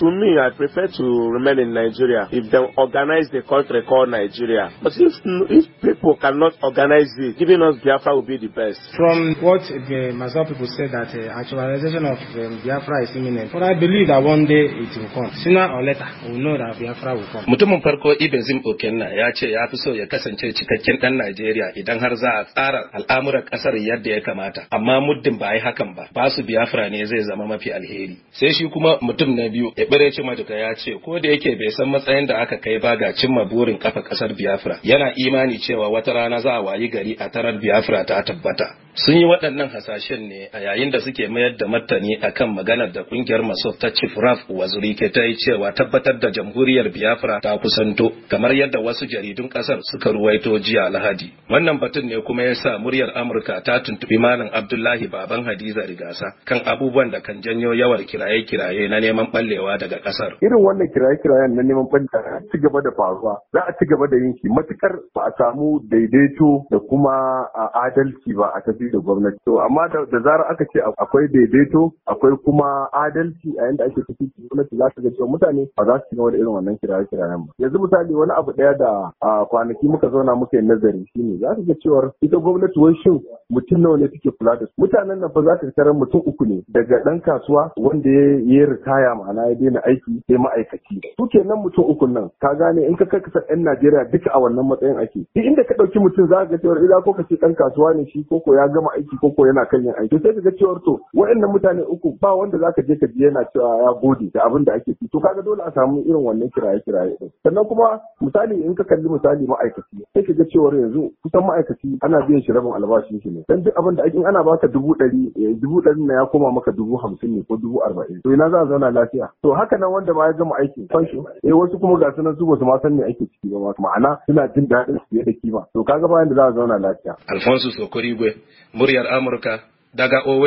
To me, I prefer to remain in Nigeria. If they organize the country called Nigeria. But if, if people cannot organize it, giving us Biafra will be the best. From what the Masai people said that uh, actualization of um, Biafra is imminent. But I believe that one day it will come. Sooner or later, we will know that Biafra will come. Mutumin farko Ibn Zim Okenna ya ce ya fi so ya kasance cikakken ɗan Najeriya idan har za a tsara al'amuran ƙasar yadda ya kamata. Amma muddin ba yi hakan ba, basu Biafra ne zai zama mafi alheri. Sai shi kuma mutum na biyu ɓareci duka ya ce ko da yake bai san matsayin da aka kai ba ga cimma burin kafa ƙasar biafra yana imani cewa wata rana za a wayi gari a tarar biafra ta tabbata sun yi waɗannan hasashen ne a yayin da suke mayar da martani kan maganar da ƙungiyar masofta ta chief raf wazurike ta yi cewa tabbatar da jamhuriyar biafra ta kusanto kamar yadda wasu jaridun ƙasar suka ruwaito jiya lahadi wannan batun ne kuma ya sa muryar amurka ta tuntuɓi malam abdullahi baban hadiza rigasa kan abubuwan da kan janyo yawar kiraye-kiraye na neman ɓallewa daga ƙasar irin wannan kiraye-kirayen na neman ɓallewa ci gaba da faruwa za a ci gaba da yin shi matukar ba a samu daidaito da kuma adalci ba a tafi shi da gwamnati to amma da zarar aka ce akwai daidaito akwai kuma adalci a yanda ake tafi gwamnati za ta ga cewa mutane ba za su ga wani irin wannan kira kirayen ba yanzu misali wani abu ɗaya da kwanaki muka zauna muka yi nazari shine za ka ga cewa ita gwamnati wai shin mutum nawa ne suke kula da su mutanen nan fa za ka tarar mutum uku ne daga ɗan kasuwa wanda ya yi ritaya ma'ana ya daina aiki sai ma'aikaci su kenan mutum uku nan ka gane in ka karkasa 'yan Najeriya duka a wannan matsayin ake duk inda ka ɗauki mutum za ka ga cewar ila ko ka ce ɗan kasuwa ne shi ko ya gama aiki ko yana kan yin aiki sai ka ga cewar to wa'annan mutane uku ba wanda za ka je ka ji yana cewa ya gode da abin da ake ci to ga dole a samu irin wannan kiraye kiraye din sannan kuma misali in ka kalli misali ma'aikaci sai ka ga cewar yanzu kusan ma'aikaci ana biyan shi rabin albashin shi ne dan duk abin da in ana baka dubu ɗari eh, dubu ɗari na ya koma maka dubu hamsin ne ko dubu arba'in to ina za a zauna lafiya to haka nan wanda ba ya gama aikin fansho eh wasu kuma ga sunan su ba su ma san me ake ciki ba ma'ana suna jin daɗin su fiye da kima to kaga bayan da za a zauna lafiya Alfonso gwe muryar Amurka daga Owe